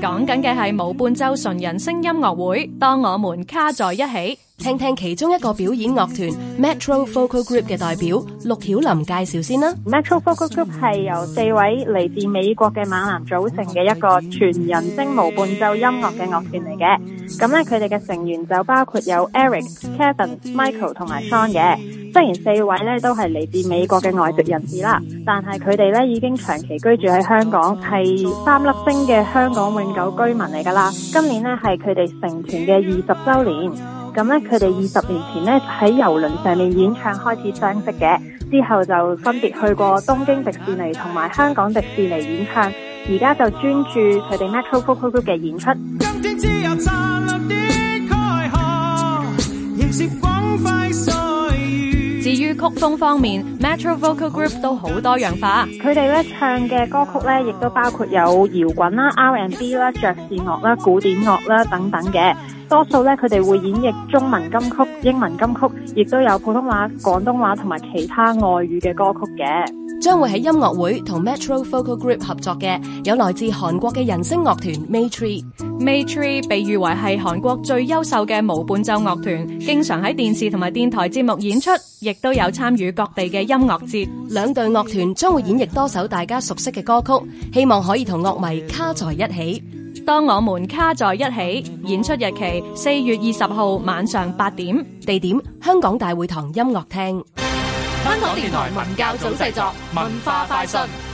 講緊嘅係無伴奏純人聲音樂會，當我們卡在一起，聽聽其中一個表演樂團 Metro Vocal Group 嘅代表陸曉琳介紹先啦。Metro Vocal Group 係由四位嚟自美國嘅馬男組成嘅一個全人聲無伴奏音樂嘅樂團嚟嘅，咁咧佢哋嘅成員就包括有 Eric、Kevin、Michael 同埋 Sean 嘅。雖然四位咧都係嚟自美國嘅外籍人士啦，但係佢哋咧已經長期居住喺香港，係三粒星嘅香港永久居民嚟噶啦。今年咧係佢哋成團嘅二十週年，咁咧佢哋二十年前咧喺遊輪上面演唱開始相識嘅，之後就分別去過東京迪士尼同埋香港迪士尼演唱，而家就專注佢哋 Macro Focal 嘅演出。風方面，Metro Vocal Group 都好多樣化。佢哋唱嘅歌曲呢，亦都包括有搖滾啦、R and B 啦、爵士樂啦、古典樂啦等等嘅。多數咧，佢哋會演繹中文金曲、英文金曲，亦都有普通話、廣東話同埋其他外語嘅歌曲嘅。將會喺音樂會同 Metro Vocal Group 合作嘅，有來自韓國嘅人聲樂團 May Tree。May Tree 被譽為係韓國最優秀嘅無伴奏樂團，經常喺電視同埋電台節目演出，亦都有參與各地嘅音樂節。兩隊樂團將會演繹多首大家熟悉嘅歌曲，希望可以同樂迷卡在一起。當我們卡在一起，演出日期四月二十號晚上八點，地點香港大會堂音樂廳。香港電臺文教組製作文化快訊。